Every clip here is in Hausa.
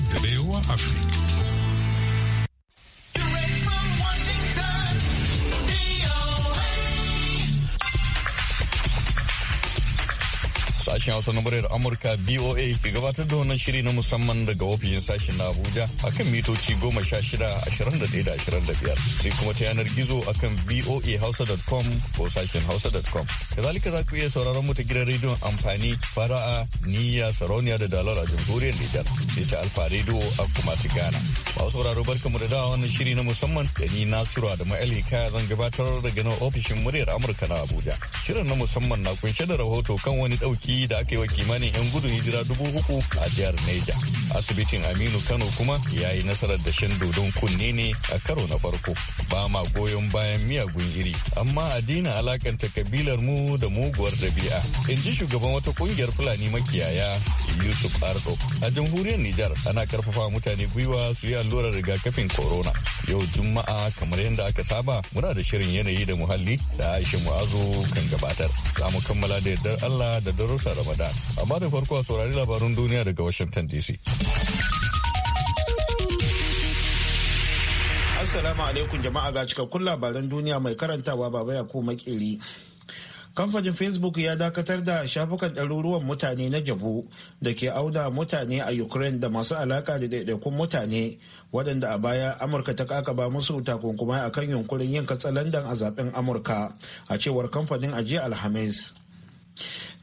de BOA África. sashen Hausa na muryar Amurka BOA ke gabatar da wannan shiri na musamman daga ofishin sashen na Abuja akan mitoci goma sha shida sai kuma ta yanar gizo akan boahausa.com ko sashen hausa.com. Kazalika za ku iya sauraron mutu gidan rediyon amfani fara'a niyya sarauniya da dalar a jamhuriyar Nijar sai ta alfa rediyo a kuma su gana. Ba sauraro barka mu da dawa wannan shiri na musamman da ni Nasiru Adamu Ali kaya zan gabatar daga nan ofishin muryar Amurka na Abuja. Shirin na musamman na kunshe da rahoto kan wani ɗauki da da aka yi wa kimanin 'yan gudun hijira dubu uku a jihar Neja. Asibitin Aminu Kano kuma ya yi nasarar da shan dodon kunne ne a karo na farko. Ba ma goyon bayan miyagun iri, amma addinin alakanta kabilar mu da muguwar dabi'a. In ji shugaban wata kungiyar Fulani makiyaya Yusuf Ardo. A jamhuriyar Nijar ana karfafa mutane gwiwa su yi allurar rigakafin corona. Yau Juma'a kamar yadda aka saba muna da shirin yanayi da muhalli da Aisha Mu'azu kan gabatar. Za mu kammala da yardar Allah da darussa Ramadan. Amma da farko a saurari labarun duniya daga Washington DC. Assalamu alaikum jama'a ga cikakkun labaran duniya mai karantawa baba ya ko makeri. kamfanin facebook ya dakatar da shafukan ɗaruruwan mutane na jabu da ke auna mutane a ukraine da masu alaka da daidaikun mutane waɗanda a baya amurka ta kakaba musu takunkumai a kan yunkurin yin katsalandan a zaben amurka a cewar kamfanin ajiya alhamis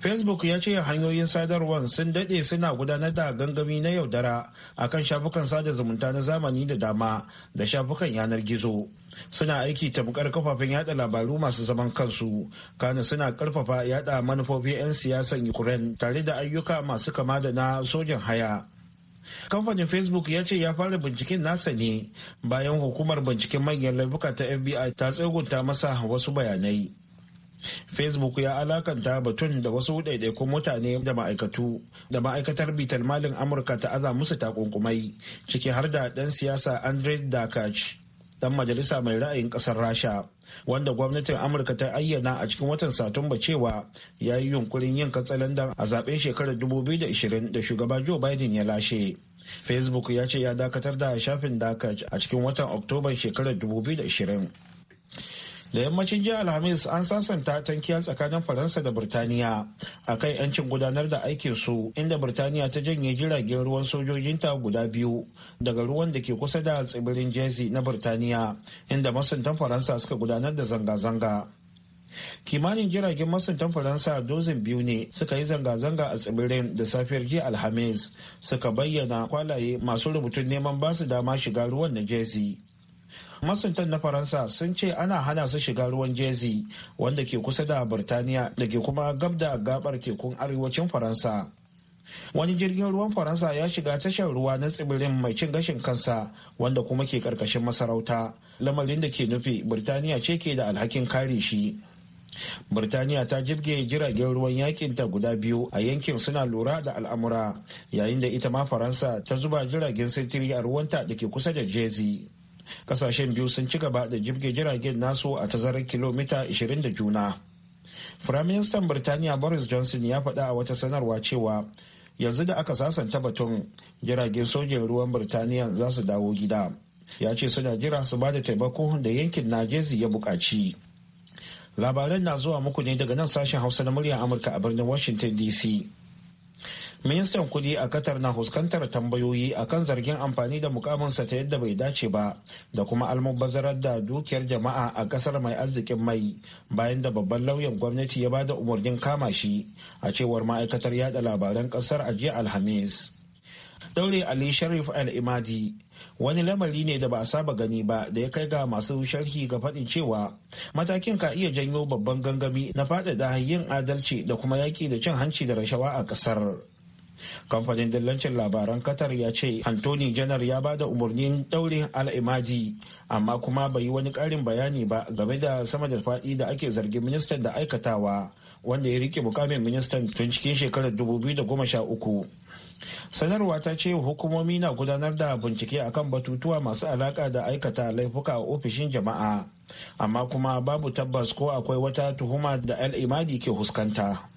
facebook ya ce hanyoyin sadarwar sun dade suna gudanar da gangami na yaudara a kan shafukan sada zumunta na zamani da dama da shafukan yanar gizo suna aiki tamkar kafafen yada labaru masu zaman kansu kana suna karfafa yada manufofin 'yan siyasan ukraine tare da ayyuka masu kama da na sojan haya kamfanin facebook ya ce ya fara binciken nasa ne bayan hukumar binciken manyan laifuka ta fbi ta tsegunta masa wasu bayanai facebook ya alakanta batun da wasu ɗaiɗaikun mutane da ma'aikatu da ma'aikatar bitar malin amurka ta aza musu takunkumai ciki har da ɗan siyasa andre dakach dan majalisa mai ra'ayin ƙasar rasha wanda gwamnatin amurka ta ayyana a cikin watan satumba cewa ya yi yunkurin yin katsalandan a zaben shekarar 2020 da shugaba joe biden ya lashe facebook ya ce ya dakatar da shafin dakach a cikin watan oktoba shekarar 2020 da yammacin jiya alhamis an sansanta tankiya tsakanin faransa da birtaniya a kan yancin gudanar da aikin su inda birtaniya ta janye jiragen ruwan sojojinta guda biyu daga ruwan da ke kusa da tsibirin jersey na birtaniya inda masuntan faransa suka gudanar da zanga-zanga kimanin jiragen masuntan faransa dozin biyu ne suka yi zanga-zanga a tsibirin da safiyar jiya alhamis suka bayyana kwalaye masu rubutun neman basu dama shiga ruwan na jersey masuntan na faransa sun ce ana hana su shiga ruwan jezi wanda ke kusa da birtaniya da ke kuma gab da gabar tekun arewacin faransa wani jirgin ruwan faransa ya shiga tashar ruwa na tsibirin mai cin gashin kansa wanda kuma ke karkashin masarauta lamarin da ke nufi birtaniya ce ke da alhakin kare shi Birtaniya ta jibge jiragen ruwan yakinta guda biyu a yankin suna lura da al'amura yayin da ita ma Faransa ta zuba jiragen sintiri a ruwanta da ke kusa da Jezi. kasashen biyu sun ci gaba da jibge jiragen nasu a tazarar kilomita 20 da juna firaministan birtaniya boris johnson ya faɗa a wata sanarwa cewa yanzu da aka sasanta batun jiragen sojin ruwan birtaniya za su dawo gida ya ce suna jira su ba da taimako da yankin najezi ya buƙaci labaran na zuwa muku ne daga nan sashen hausa na muryar amurka a birnin washington dc ministan kudi a qatar na huskantar tambayoyi a kan zargin amfani da mukaminsa ta yadda bai dace ba da kuma almubazarar da dukiyar jama'a a kasar mai arzikin mai bayan da babban lauyan gwamnati ya bada umarnin kama shi a cewar ma'aikatar yada labaran kasar a jiya alhamis daure ali sharif al-imadi wani lamari ne da ba a saba gani ba da ya kai ga masu sharhi ga faɗin cewa matakin ka iya janyo babban gangami na faɗaɗa yin adalci da kuma yaƙi da cin hanci da rashawa a ƙasar kamfanin dillancin labaran qatar ya ce anthony janar ya ba da umarnin daurin al'imadi amma kuma bai yi wani karin bayani ba game da sama da faɗi da ake zargin ministan da aikatawa wanda ya rike mukamin ministan tun cikin shekarar 2013 sanarwa ta ce hukumomi na gudanar da bincike akan batutuwa masu alaka da aikata laifuka a ofishin jama'a amma kuma babu tabbas ko akwai wata tuhuma da al'imadi ke huskanta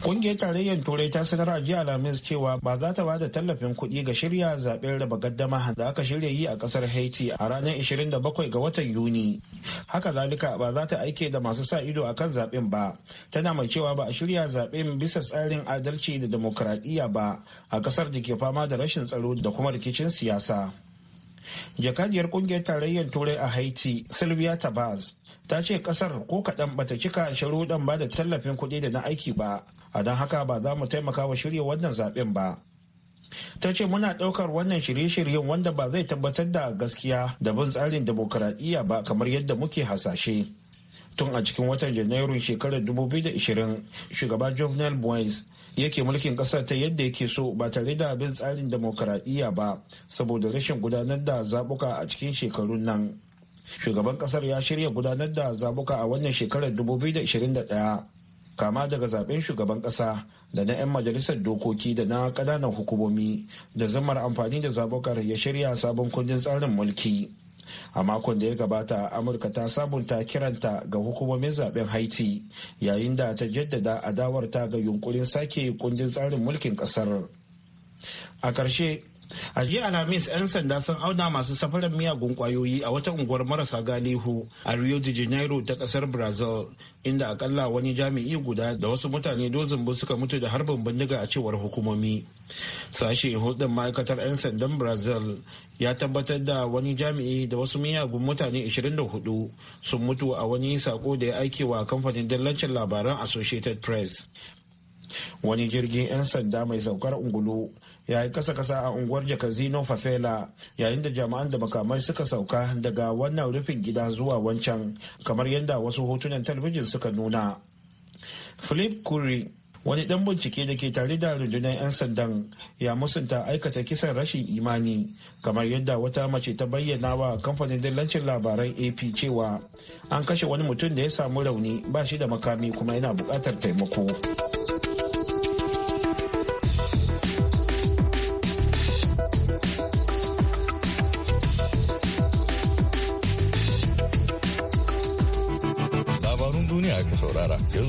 Kungiyar tarayyar Turai ta sanar a jiya Alhamis cewa ba za ta bada tallafin kuɗi ga shirya zaɓen raba gaddama da aka shirya yi a ƙasar Haiti a ranar 27 ga watan Yuni. Haka zalika ba za ta aike da masu sa ido a kan zaɓen ba. Tana mai cewa ba a shirya zaɓen bisa tsarin adalci da demokuraɗiyya ba a ƙasar da ke fama da rashin tsaro da kuma rikicin siyasa. jakadiyar kungiyar tarayyar turai a haiti sylvia tabaz ta ce kasar ko kaɗan bata cika sharuɗan ba da tallafin kuɗi da na aiki ba a don haka ba za mu taimaka wa shirya wannan zaben ba ta ce muna ɗaukar wannan shirye-shiryen wanda ba zai tabbatar da gaskiya da bin tsarin demokuraɗiyya ba kamar yadda muke hasashe tun a cikin watan janairun shekarar 2020 shugaba jovenel boys yake mulkin ƙasar ta yadda yake so ba tare da bin tsarin demokuraɗiyya ba saboda rashin gudanar da zabuka a cikin shekarun nan shugaban ƙasar ya shirya gudanar da zabuka a wannan shekarar 2021 kama daga zaben shugaban kasa da na 'yan majalisar dokoki da na kananan hukumomi da zamar amfani da zabokar ya shirya sabon kundin tsarin mulki a makon da ya gabata amurka ta sabunta kiranta ga hukumomin zaben haiti yayin da ta jaddada adawarta ga yunkurin sake kundin tsarin mulkin kasar a ƙarshe a jiya alhamis 'yan sanda sun auna masu safarar miyagun kwayoyi a wata unguwar marasa galihu a rio de janeiro ta kasar brazil inda akalla wani jami'i guda da wasu mutane dozin suka mutu da harbin bindiga a cewar hukumomi sashe hudun ma'aikatar 'yan sandan brazil ya tabbatar da wani jami'i da wasu miyagun mutane 24 sun mutu a wani sako da ya aike wa kamfanin dillancin labaran associated press wani jirgin 'yan sanda mai saukar ungulu yayin kasa-kasa a unguwar jakazino fafela yayin da jama'an da makamai suka sauka daga wannan rufin gida zuwa wancan kamar yadda wasu hotunan talabijin suka nuna philip curry wani dan bincike da ke tare da rundunar 'yan sandan ya musunta aikata kisan rashin imani kamar yadda wata mace ta bayyana wa kamfanin dillancin labaran ap cewa an kashe wani mutum da ya samu rauni ba shi da makami kuma yana bukatar taimako.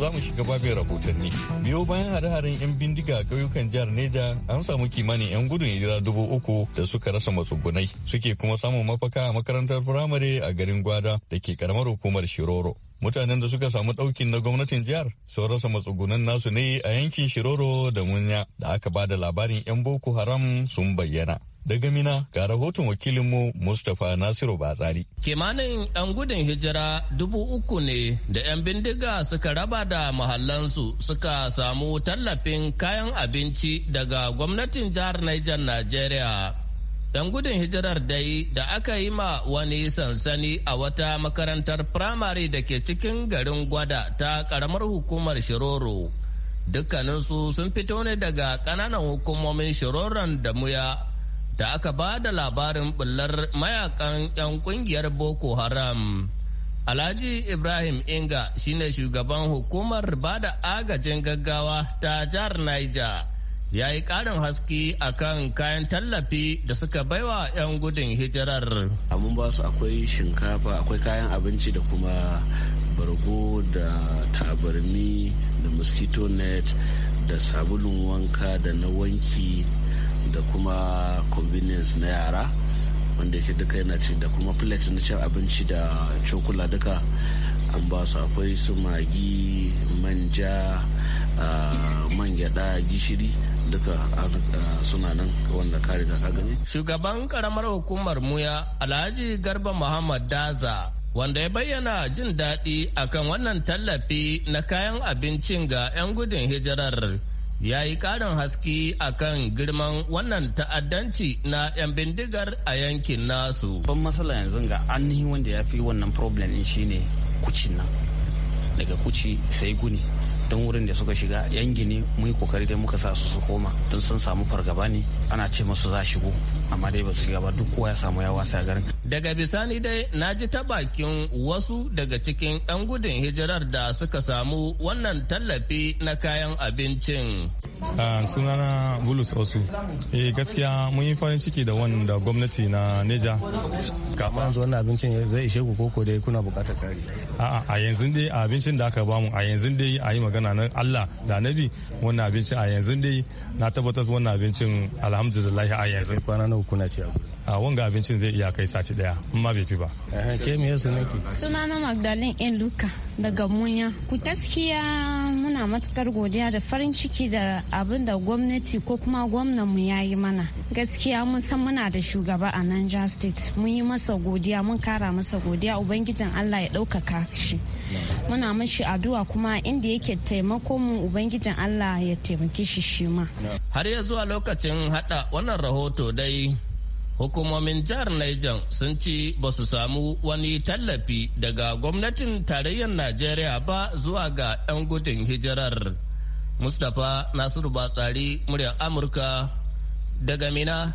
za mu shiga babin rahotanni. Biyo bayan hare-haren 'yan bindiga a ƙauyukan jihar Neja an samu kimanin 'yan gudun hijira dubu uku da suka rasa matsugunai suke kuma samun mafaka a makarantar firamare a garin Gwada da ke karamar hukumar Shiroro. Mutanen da suka samu ɗaukin na gwamnatin jihar sun rasa matsugunan nasu ne a yankin Shiroro da Munya da aka ba da labarin 'yan Boko Haram sun bayyana. Daga Mina ga rahoton wakilinmu Mustapha Nasiru Batsari. Kimanin ɗan gudun hijira dubu uku ne da 'yan bindiga suka raba da mahallansu suka samu tallafin kayan abinci daga gwamnatin jihar Niger Najeriya. ɗan gudun hijirar dai da aka yi ma wani sansani a wata makarantar firamare da ke cikin garin gwada ta ƙaramar hukumar Shiroro. Dukkaninsu sun fito ne daga ƙananan hukumomin Shiroron da Muya da aka ba da labarin bullar mayakan 'yan kungiyar Boko Haram. Alhaji Ibrahim Inga shine shugaban hukumar bada agajin gaggawa ta jihar Niger. Ya yi ƙarin haske a kan kayan tallafi da suka baiwa 'yan gudun hijirar. Abun ba su akwai shinkafa, akwai kayan abinci da kuma bargo da tabarni da mosquito net da sabulun wanka da na wanki da kuma convenience na yara wanda yake duka yana ci da kuma plate na cin abinci da cokula duka an ba su akwai su magi manja man gyada gishiri duka suna nan wanda ka ka gani shugaban karamar hukumar muya alhaji garba muhammad daza wanda ya bayyana jin daɗi akan wannan tallafi na kayan abincin ga 'yan gudun hijirar ya yi ƙarin haske kan girman wannan ta'addanci na 'yan bindigar a yankin nasu. Ban matsala yanzu ga ainihin wanda ya fi wannan problem in shine kucin nan daga kuci sai guni. don wurin da suka shiga yan gini mun yi kokari dai muka sa su su koma don sun samu fargaba ne ana ce musu za shigo amma dai ba su shiga ba duk kowa ya samu ya wasa garin daga bisani dai na ji ta bakin wasu daga cikin yan gudun hijirar da suka samu wannan tallafi na kayan abincin Ah, sunana bulus osu eh gaskiya mun yi farin ciki da wannan da gwamnati na neja kama yanzu wannan abincin zai ishe ku koko dai kuna bukatar kari a'a a yanzu dai abincin da aka bamu a yanzu dai a yi magana na Allah da Nabi wannan abincin a yanzu dai na tabbatar wannan abincin alhamdulillah a yanzu kwana nawa kuna ci a ah, wanga abincin zai iya kai sati daya in ma bai fi ba eh, ke me yasu nake sunana magdalene in luka daga munya ku taskiya. muna matukar godiya da farin ciki da abin da gwamnati ko kuma gwamnanmu ya yi mana gaskiya mun san muna da shugaba a Niger state mun yi masa godiya mun kara masa godiya ubangijin allah ya ɗaukaka shi muna mashi addu'a kuma inda yake taimako mu ubangijin allah ya taimaki shi shi ma har ya zuwa lokacin hada wannan rahoto dai hukumomin jihar Niger sun ci ba su samu wani tallafi daga gwamnatin tarayyar Najeriya ba zuwa ga 'yan gudun hijirar. Mustapha Nasiru Batsari muryar Amurka daga Mina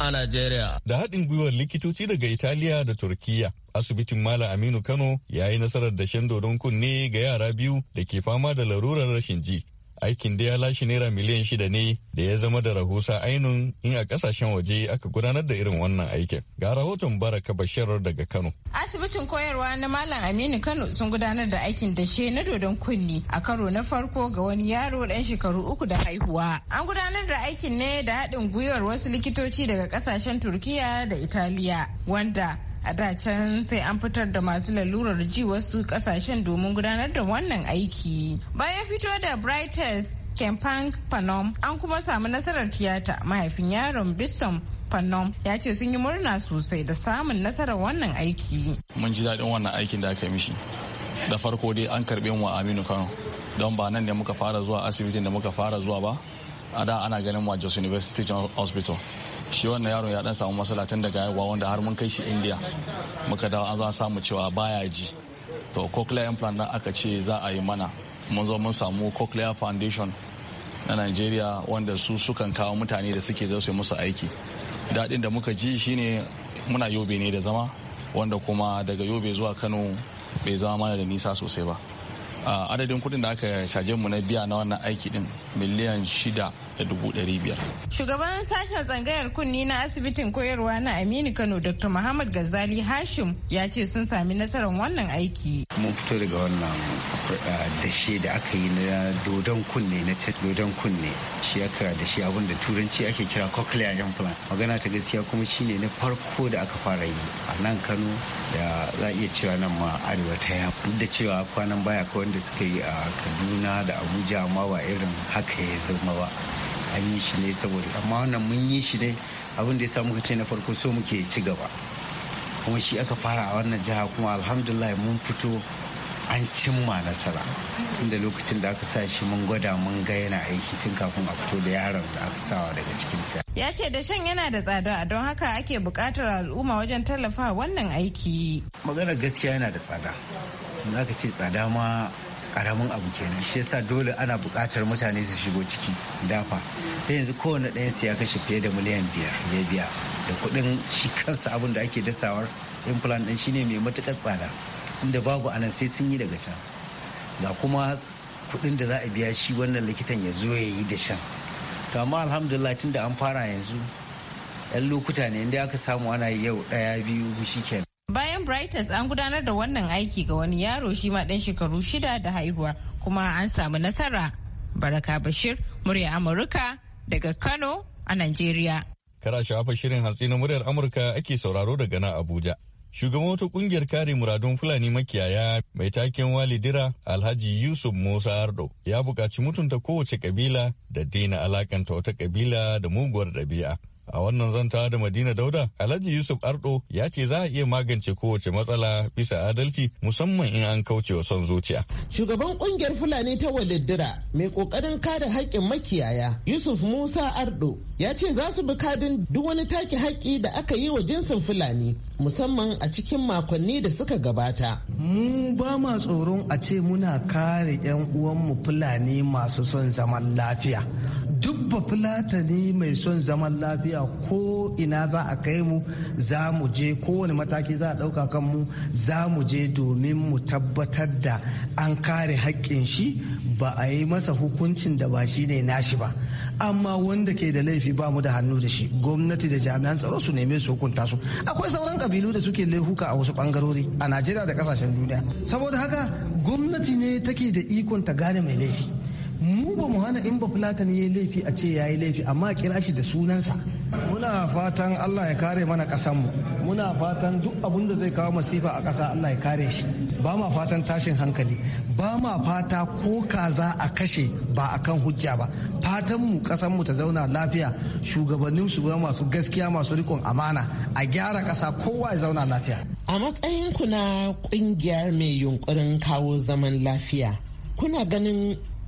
a Najeriya. Da haɗin gwiwar likitoci daga Italiya da Turkiyya. asibitin Malam Aminu Kano ya yi nasarar dashen dodon kunne ga yara biyu da ke fama da larurar rashin ji aikin da ya lashe naira miliyan shida ne da ya zama da rahusa ainun in a kasashen waje aka gudanar da irin wannan aikin ga rahoton baraka bashir daga kano asibitin koyarwa na malam aminu kano sun gudanar da aikin dashe na dodon kunni a karo na farko ga wani yaro dan shekaru uku da haihuwa an gudanar da aikin ne da haɗin gwiwar wasu likitoci daga kasashen turkiya da italiya wanda a da can sai an fitar da masu lalurar ji wasu kasashen domin gudanar da wannan aiki bayan fito da brightest campan panom an kuma samu nasarar tiyata mahaifin yaron bisom panom ya ce sun yi murna sosai da samun nasarar wannan aiki. Mun ji daɗin wannan aikin da aka mishi. Da farko dai an karɓe mu Aminu Kano don ba nan ne muka fara zuwa asibitin da muka fara zuwa ba. A da ana ganin wa Jos University Hospital. shi wannan yaron ya dan samu matsala tun daga haihuwa wanda har mun kai shi india muka dawo an za samu cewa baya ji to cochlear implant na aka ce za a yi mana mun zo mun samu cochlear foundation na nigeria wanda su sukan kawo mutane da suke zo su musu aiki daɗin da muka ji shine muna yobe ne da zama wanda kuma daga yobe zuwa kano bai zama mana da nisa sosai ba adadin kuɗin da aka shaje mu na biya na wannan aiki din miliyan shida da dubu Shugaban sashen tsangayar kunni na asibitin koyarwa na Aminu Kano Dr. Muhammad gazali Hashim ya ce sun sami nasarar wannan aiki. Mun fito daga wannan eh, dashe da aka yi na dodon kunne na cet dodon kunne shi aka da shi abin da turanci ake kira cochlear implant magana ta gaskiya kuma shine na farko da aka fara yi a nan Kano da za iya cewa nan ma arewa ta yamma duk da cewa kwanan baya kawai wanda suka yi a Kaduna da Abuja amma ba irin haka haka ya zama ba an yi shi ne saboda amma wannan mun yi shi ne abin da ya samu ce na farko so muke ci gaba kuma shi aka fara a wannan jiha kuma alhamdulillah mun fito an cimma nasara tun da lokacin da aka sa shi mun gwada mun ga yana aiki tun kafin a fito da yaron da aka sawa daga cikin ta ya ce da shan yana da tsada don haka ake bukatar al'umma wajen tallafa wannan aiki maganar gaskiya yana da tsada in aka ce tsada ma karamin abu kenan shi yasa dole ana buƙatar mutane su shigo ciki su dafa da yanzu kowane ɗayan su ya kashe fiye da miliyan biyar ya biya da kuɗin shi kansa abin da ake dasawar implant ɗin shine mai matuƙar tsada inda babu anan sai sun yi daga can ga kuma kuɗin da za a biya shi wannan likitan ya zo ya yi da shan to amma alhamdulillah tun da an fara yanzu 'yan lokuta ne inda aka samu ana yau ɗaya biyu shi kenan Bayan Brightus an gudanar da wannan aiki ga wani yaro shi ma ɗan shekaru shida da haihuwa kuma an samu nasara. Baraka Bashir, murya Amurka daga Kano a Najeriya. Kara shafa shirin hantsi na muryar Amurka ake sauraro daga nan Abuja. Shugaban wata kungiyar kare muradun Fulani makiyaya mai taken walidira Alhaji Yusuf Musa Ardo ya bukaci mutunta kowace kabila da daina alakanta wata kabila da muguwar ɗabi'a. A wannan zanta da Madina Dauda, Alhaji Yusuf Ardo ya ce za a iya magance kowace matsala bisa adalci musamman in an kauce wa son zuciya. Shugaban kungiyar Fulani ta Waliddira mai kokarin kare haƙƙin makiyaya Yusuf Musa Ardo ya ce za su bi kadin duk wani take haƙƙi da aka yi wa jinsin Fulani musamman a cikin makonni da suka gabata. Mu ba ma tsoron a ce muna kare 'yan uwanmu Fulani masu son zaman lafiya. duk fulata ne mai son zaman lafiya ko ina za a kai mu za mu je kowane mataki za a ɗauka kan mu za mu je domin mu tabbatar da an kare haƙƙin shi ba a yi masa hukuncin da ba shi ne nashi ba amma wanda ke da laifi ba mu da hannu da shi gwamnati da jami'an tsaro su neme su hukunta su akwai sauran kabilu da suke laifuka a wasu bangarori a najeriya da kasashen duniya saboda haka gwamnati ne take da ikon ta gane mai laifi mu ba mu hana in ba fulatan ya yi laifi a ce ya yi laifi amma kira shi da sunansa muna fatan allah ya kare mana mu muna fatan duk abun da zai kawo masifa a ƙasa allah ya kare shi ba ma fatan tashin hankali ba ma fata ko kaza a kashe ba a kan hujja ba fatan mu mu ta zauna lafiya shugabannin su masu gaskiya masu rikon amana a gyara ƙasa kowa ya zauna lafiya a matsayin ku na ƙungiyar mai yunkurin kawo zaman lafiya kuna ganin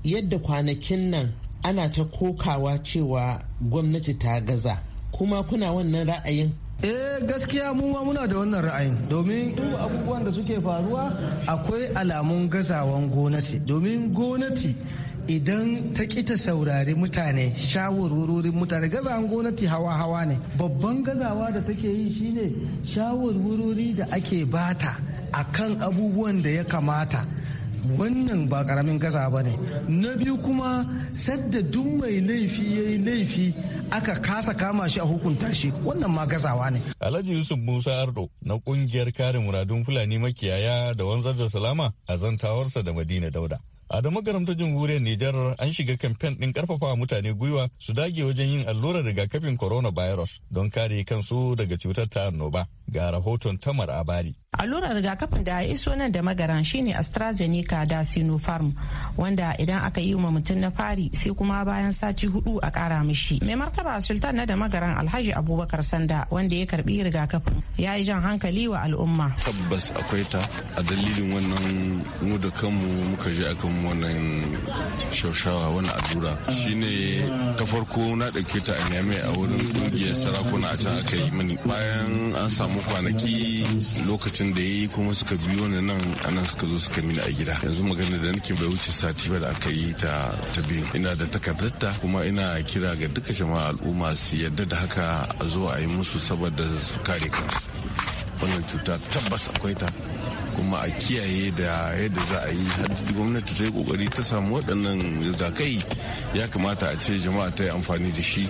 yadda kwanakin nan ana ta kokawa cewa gwamnati ta gaza kuma kuna wannan ra'ayin eh gaskiya mu ma muna da wannan ra'ayin domin duk abubuwan da suke faruwa akwai alamun gazawan gwamnati domin gwamnati idan ta kita saurari mutane shawarwarorin mutane gazawan gwamnati hawa-hawa ne babban gazawa da take yi shine shawarwarori da ake bata akan abubuwan da ya kamata wannan ba karamin gaza ba ne na biyu kuma sadda duk mai laifi ya yi laifi aka kasa kama shi a hukunta shi wannan ma gazawa ne alhaji yusuf musa ardo na kungiyar kare muradun fulani makiyaya da wanzar da salama a zantawarsa da madina dauda a da makaranta jamhuriyar Nijar an shiga kamfen ɗin karfafa mutane gwiwa su dage wajen yin allurar rigakafin virus don kare kansu daga cutar ta annoba ga rahoton tamar abari allurar rigakafin da ya iso nan da magaran shine astrazeneca da sinopharm wanda idan aka yi wa mutum na fari sai kuma bayan sati hudu a kara mishi mai martaba sultan na da magaran alhaji abubakar sanda wanda ya karbi rigakafin ya yi jan hankali wa al'umma tabbas akwai ta a dalilin wannan mu da kanmu muka je akan wannan shaushawa wannan allura shine ta farko na ɗauke ta a nyame a wurin kungiyar sarakuna a can aka yi mini bayan an samu kwanaki lokacin lokacin da ya yi kuma suka biyo ni nan anan suka zo suka mini a gida yanzu magana da nake bai wuce sati ba da aka yi ta ta biyu ina da takardarta kuma ina kira ga duka jama'a al'umma su yadda da haka a zo a yi musu saboda su kare kansu wannan cuta tabbas akwai ta kuma a kiyaye da yadda za a yi gwamnati ta yi kokari ta samu waɗannan rigakai ya kamata a ce jama'a ta yi amfani da shi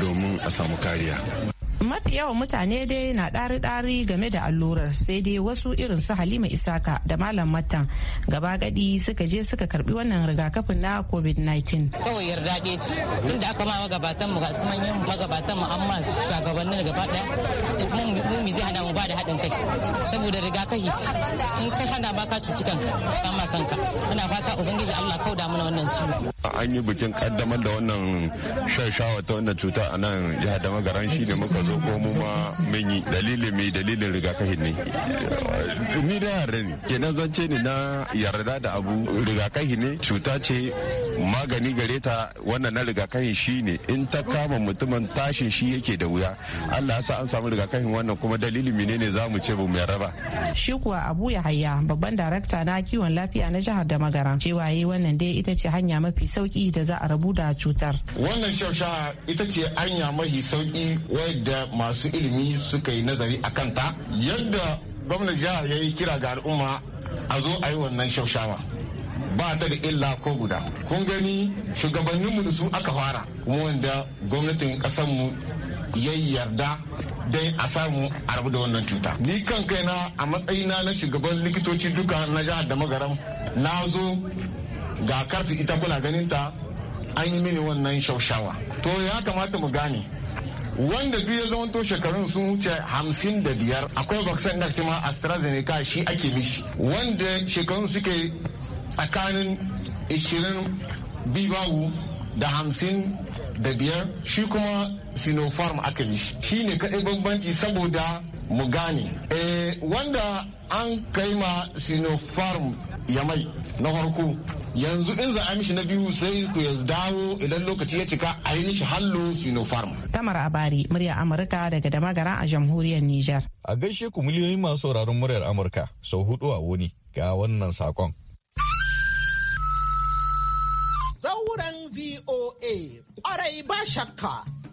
domin a samu kariya mafi yawan mutane dai na ɗari-ɗari game da allurar sai dai wasu irin su halima isaka da malam matan gaba gadi suka je suka karbi wannan rigakafin na covid-19 kawai yarda ɗaya ce da aka ma magabatan mu ga su manyan magabatan mu amma shugabannin gaba ɗaya mu mu zai hana mu ba da haɗin kai saboda rigakafi ce in ka hana ba ka cuci kanka amma ma kanka ina fata ubangiji Allah kauda mana wannan ciwo an yi bikin kaddamar da wannan shan shawa ta wannan cuta a nan jihar da magaran shi ne muka zo zo ko mu ma mun yi dalilin mai dalilin rigakafi ne ni da yare ne kenan zance ne na yarda da abu rigakafi ne cuta ce magani gare ta wannan na rigakafin shi ne in ta kama mutumin tashin shi yake da wuya allah ya sa an samu rigakafin wannan kuma dalili menene za mu ce ba mu raba shi kuwa abu yahaya babban darakta na kiwon lafiya na jihar da magara cewa yi wannan dai ita ce hanya mafi sauki da za a rabu da cutar wannan shausha ita ce hanya mafi sauki wadda masu ilimi suka yi nazari a kanta yadda gwamnan jihar ya yi kira ga al'umma a zo a yi wannan shaushawa ba ta da illa ko guda kun gani shugabanninmu da su aka fara kuma wanda gwamnatin mu ya yarda dai a samu a rabu da wannan cuta ni kan kaina a matsayina na shugaban likitoci duka na jihar da magaram na zo ga karta ita kuna ganin ta an yi mini wannan shaushawa to ya kamata mu gane wanda duk ya zamanto shekarun sun wuce hamsin da biyar akwai vaccine na cima astrazeneca shi ake mishi wanda shekarun suke tsakanin 20 bibawu da hamsin da biyar shi kuma sinopharm aka yi shi ne kaɗai bambanci saboda mu gane eh, wanda an kai ma sinopharm ya mai na farko yanzu in za a mishi na biyu sai ku ya dawo idan lokaci ya cika a yi nishi hallo sinopharm tamar abari muryar amurka daga damagara a jamhuriyar niger a gaishe ku miliyoyin masu sauraron muryar amurka sau hudu a wuni ga wannan sakon zauren VOA. Ƙwarai ba shakka.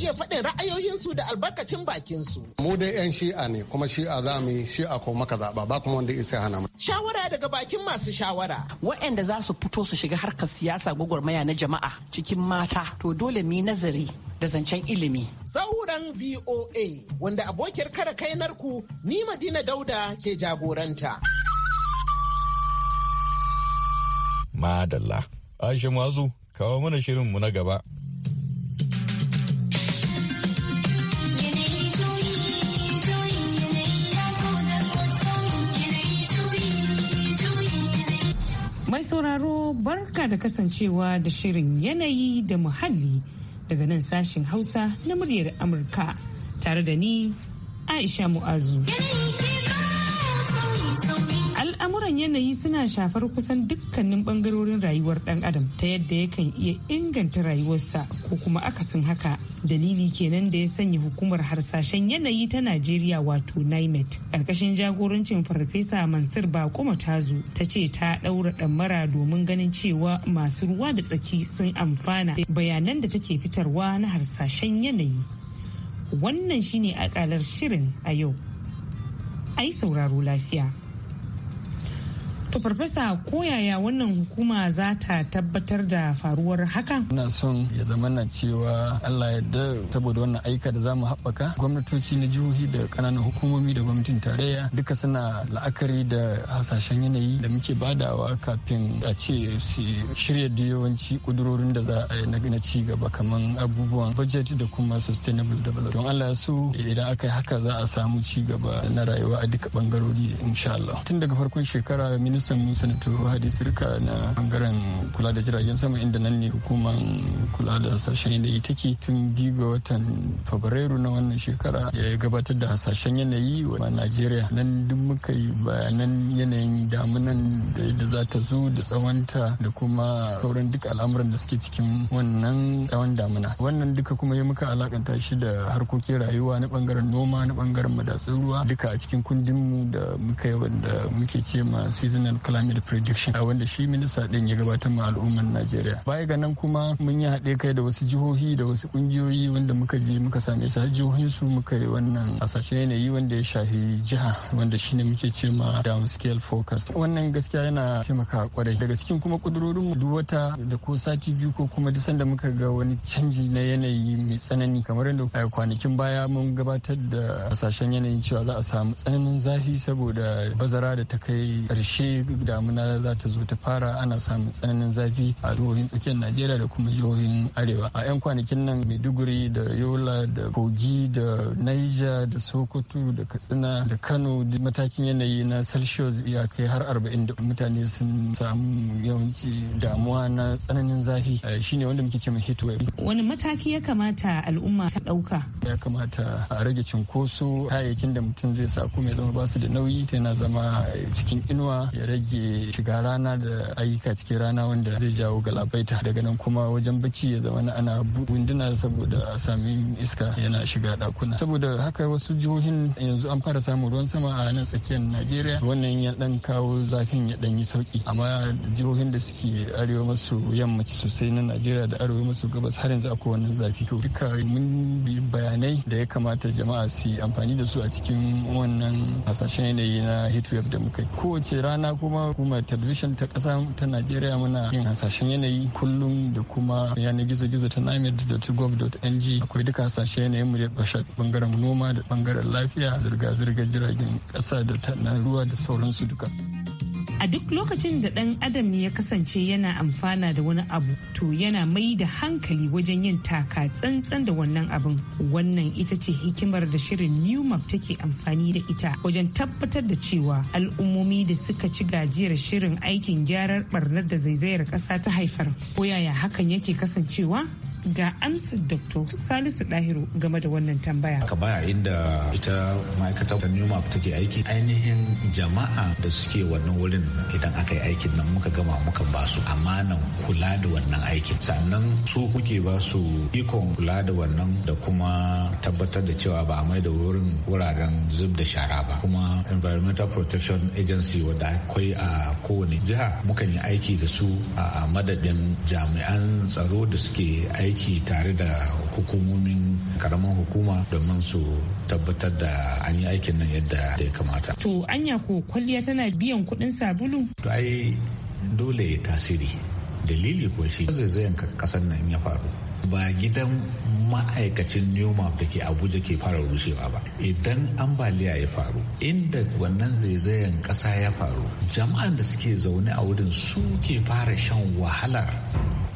iya faɗin ra'ayoyinsu da albarkacin bakinsu. Mu dai 'yan shi'a ne kuma shi'a za mu yi shi'a ko maka zaɓa ba kuma wanda isa hana mu. Shawara daga bakin masu shawara. Waɗanda za su fito su shiga harkar siyasa gwagwarmaya na jama'a cikin mata to dole mu nazari da zancen ilimi. Zauren VOA wanda abokiyar kare narku ni Madina Dauda ke jagoranta. Madalla. Aisha Mazu, kawo mana shirin mu na gaba. Mai sauraro barka da kasancewa da shirin yanayi da muhalli daga nan sashen Hausa na muryar Amurka tare da ni Aisha Mu'azu. Al'amuran yanayi suna shafar kusan dukkanin bangarorin rayuwar ɗan adam ta yadda yakan iya inganta rayuwarsa ko kuma akasin haka. Dalili kenan da ya sanya hukumar harsashen yanayi ta Najeriya wato NIMET karkashin jagorancin Farfesa Mansur Bakuma Tazu ta ce ta ɗaura ɗamara domin ganin cewa masu ruwa da tsaki sun amfana bayanan da take fitarwa na harsashen yanayi. Wannan shine akalar shirin a yau. Ai sauraro lafiya. To farfesa ko yaya wannan hukuma za ta tabbatar da faruwar haka. Ina son ya zama na cewa Allah ya da saboda wannan aika da zamu haɓaka gwamnatoci na jihohi da ƙananan hukumomi da gwamnatin tarayya duka suna la'akari da hasashen yanayi da muke badawa kafin a ce su shirya da yawanci kudurorin da za a yi na ci gaba kamar abubuwan budget da kuma sustainable development. Don Allah so idan aka yi haka za a samu ci gaba na rayuwa a duka bangarori insha Allah. Tun daga farkon shekara minista sami sanato hadi sirka na bangaren kula da jiragen sama inda nan ne hukumar kula da hasashen yanayi take tun biyu ga watan fabrairu na wannan shekara ya gabatar da hasashen yanayi wa najeriya nan duk muka yi bayanan yanayin damunan da za ta zo da tsawonta da kuma sauran duk al'amuran da suke cikin wannan tsawon damuna wannan duka kuma ya muka alakanta shi da harkokin rayuwa na bangaren noma na bangaren madatsun ruwa duka a cikin kundinmu da muka yi wanda muke ce ma seasonal national climate prediction wanda shi minista din ya gabatar ma al'ummar najeriya baya ga nan kuma mun yi haɗe kai da wasu jihohi da wasu ƙungiyoyi wanda muka je muka same su jihohin su muka yi wannan hasashen yanayi wanda ya shafi jiha wanda shine muke ce ma down scale focus wannan gaskiya yana taimaka kwarai daga cikin kuma kudurorin mu duk wata da ko sati biyu ko kuma duk sanda muka ga wani canji na yanayi mai tsanani kamar yadda kwanakin baya mun gabatar da hasashen yanayin cewa za a samu tsananin zafi saboda bazara da ta kai ƙarshe damuna za ta zo ta fara ana samun tsananin zafi a jihohin tsakiyar najeriya da kuma jihohin arewa a 'yan kwanakin nan maiduguri da yola da kogi da naija da sokoto da katsina da kano duk matakin yanayi na celsius ya kai har arba'in da mutane sun samu yawanci damuwa na tsananin zafi shine wanda muke ce heat wave wani mataki ya kamata al'umma ta dauka ya kamata a rage cinkoso kayayyakin da mutum zai sa kuma ya zama basu da nauyi tana zama cikin inuwa ya rage shiga rana da ayyuka cikin rana wanda zai jawo galabaita daga nan kuma wajen bacci ya zama ana wunduna saboda a sami iska yana shiga dakuna saboda haka wasu jihohin yanzu an fara samun ruwan sama a nan tsakiyar najeriya wannan ya dan kawo zafin ya dan yi sauki amma jihohin da suke arewa maso yammaci sosai na najeriya da arewa maso gabas har yanzu akwai wannan zafi to duka mun bi bayanai da ya kamata jama'a su yi amfani da su a cikin wannan hasashen yanayi na heatwave da muka yi kowace rana kuma hukumar television ta kasa ta najeriya muna yin hasashen yanayi kullum da kuma yanar gizo-gizo ta named.gov.ng akwai duka hasashen yanayin mu da bangaren noma da bangaren lafiya zirga-zirgar jiragen kasa da na ruwa da sauransu duka. a duk lokacin da ɗan adam ya kasance yana amfana da wani abu to yana mai da hankali wajen yin taka tsantsan da wannan abin wannan ita ce hikimar da shirin new map take amfani da ita wajen tabbatar da cewa al'ummomi da suka ci gajiyar shirin aikin gyarar barnar da zaizayar ƙasa ta haifar ko yaya hakan yake kasancewa ga amsar dr salisu dahiru game da wannan tambaya ka baya inda ita ma'aikatar ta newmark take aiki ainihin jama'a da suke wannan wurin idan aka yi aikin nan muka gama muka ba su amanan kula da wannan aikin sannan su kuke ba su ikon kula da wannan da kuma tabbatar da cewa ba mai da wurin wuraren zub da shara ba kuma environmental protection agency wadda akwai a kowane jiha mukan yi aiki da su a madadin jami'an tsaro da suke aiki aiki tare da hukumomin karamin hukuma domin su tabbatar da an yi aikin nan yadda ya kamata. To anya ko kwalliya tana biyan kuɗin sabulu? To ai dole tasiri. Dalili ko shi zaizayen kasan nan ya faru. Ba gidan ma'aikacin newmark da ke abuja ke fara rushewa ba idan ambaliya ya faru inda wannan zaizayen ƙasa ya faru jama'an da suke zaune a wurin suke fara shan wahalar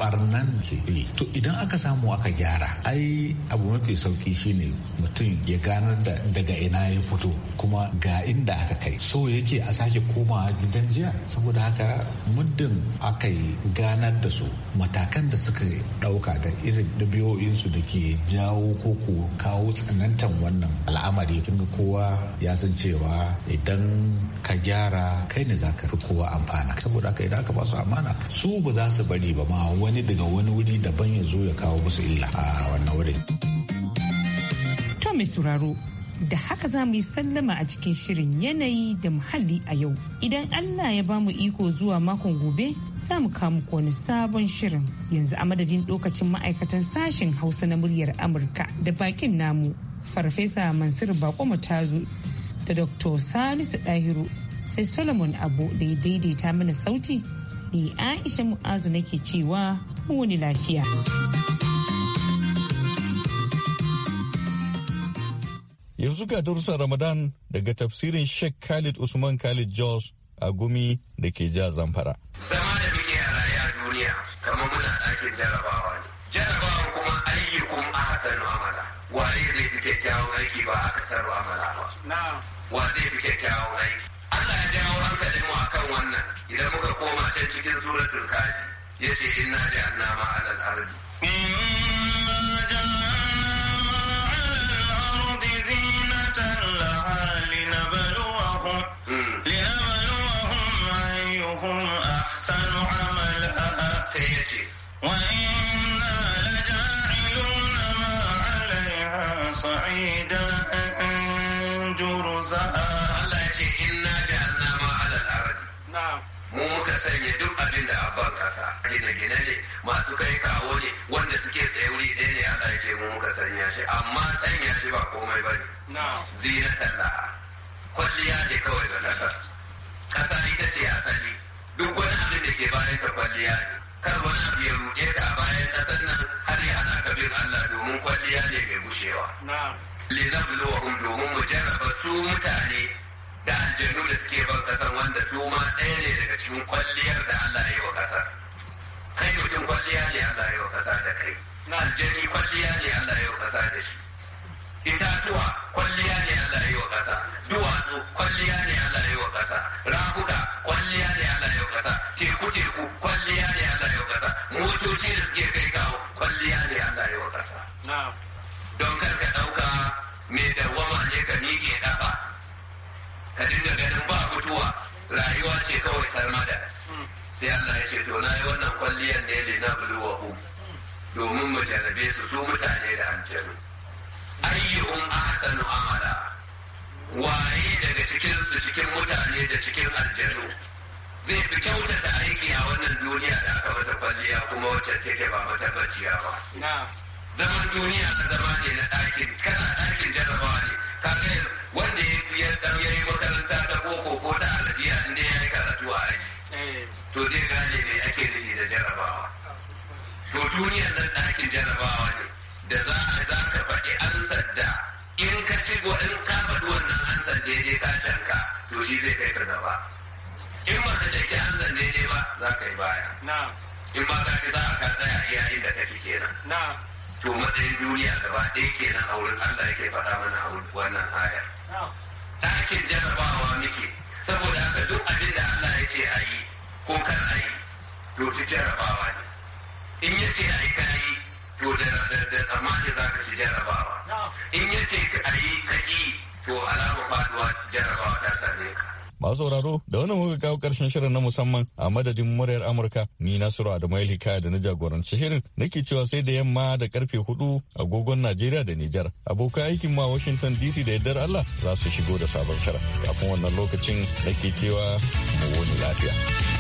barnan su to idan aka samu aka gyara ai abu mafi sauki shine mutum ya ganar da daga ina ya fito kuma ga inda aka kai so yake a sake koma gidan jiya saboda haka muddin aka yi ganar da su matakan da suka dauka da irin su da ke jawo ko ko kawo tsanantan wannan al'amari ga kowa ya san cewa idan ka gyara kai ne zaka fi kowa amfana saboda haka idan aka ba su amana su ba za su bari ba ma wani daga wani wuri daban ya zo ya kawo musu illa a wannan wurin. tommy Suraro sauraro da haka za mu yi sallama a cikin shirin yanayi da muhalli a yau. Idan Allah ya ba mu iko zuwa makon gobe za mu kamu wani sabon shirin yanzu a madadin lokacin ma'aikatan sashen hausa na muryar Amurka da bakin namu. Farfesa Mansur Bako Mutazu da Dr. Salisu Dahiru sai Solomon Abu da ya daidaita mana sauti ni aisha mu'azu nake cewa wani lafiya yanzu ga darussan ramadan daga tafsirin sheikh khalid usman khalid jos a gumi da ke ja zamfara zama da muke a rayuwa duniya kamar muna ɗakin jarabawa ne jarabawa kuma ayyukum ahsanu amala waye zai fi kyakkyawan aiki ba a kasar amala ba wa zai fi kyakkyawan aiki Allah ya jawo hankalin mu akan wannan idan muka koma can cikin suratul kafi yace inna ja'alna ma alal ardi وإنا لجاعلون ما عليها mu muka sanya duk abin da abban kasa gine-gine ne masu kai kawo ne wanda suke tsaye wuri ɗaya ne ya ce mu muka sanya shi amma sanya shi ba komai ba ne Zina la'a kwalliya ne kawai da ƙasar ƙasa ita ce asali duk wani abin da ke bayan ta kwalliya ne kar wani abu ya ruɗe ka a bayan ƙasar nan har ya ana bin Allah domin kwalliya ne mai gushewa. Linabluwahum domin mu jarraba su mutane da aljanu da suke ban kasar wanda su ma ɗaya ne daga cikin kwalliyar da Allah ya yi wa kasar kai mutum kwalliya ne Allah ya yi wa kasa da kai aljani kwalliya ne Allah ya yi wa kasa da shi itatuwa kwalliya ne Allah ya yi wa kasa duwatsu kwalliya ne Allah ya yi wa kasa rafuka kwalliya ne Allah ya yi wa kasa teku teku kwalliya ne Allah ya yi wa kasa motoci da suke kai kawo kwalliya ne Allah ya yi wa kasa don kar ka ɗauka da wama ne ka miƙe ɗa ka dinga ganin ba mutuwa rayuwa ce kawai sarmada hmm. sai Allah ya ce to na yi wannan kwalliyar ne le na ku. domin mu jarabe su su mutane da aljanu hmm. ayyuhum ahsanu amala waye daga cikin su cikin mutane da cikin aljanu zai fi kyautata aiki a wannan duniya da aka mata kwalliya kuma wacce take ba mata bacciya ba zaman duniya zama ne na ɗakin kana ɗakin jarabawa ne kaga wanda ya fi yadda ya yi makaranta ta koko ko ta arabiya inda ya yi karatu a aji eh. to zai gane mai ake nufi da jarabawa to duniyar nan ɗakin jarabawa ne da za a za ka faɗi an da in ka ci in ka faɗi wannan ya je ka canka to shi zai kai ka gaba in ba ka canki ansar daidai ba za ka yi baya in ba ka ci za a ka tsaya da inda kake kenan to matsayin duniya gaba ɗaya kenan a wurin Allah yake faɗa mana a wannan ayar ɗakin jarabawa muke saboda haka duk abin da Allah ya ce a yi ko kan a yi to ta jarabawa ne in ya ce a yi ka yi to da tsammanin za ka ci jarabawa in ya ce a yi ka yi to alama faduwa jarabawa ta same ka Masu sauraro da wannan muka kawo karshen shirin na musamman a madadin muryar Amurka ni Nasiru Adamu Elika da na jagoranci shirin nake cewa sai da yamma da karfe hudu agogon Najeriya da Nijar. Abokan aikin ma Washington DC da yaddar Allah za su shigo da sabon shirin. Kafin wannan lokacin nake cewa mu wani lafiya.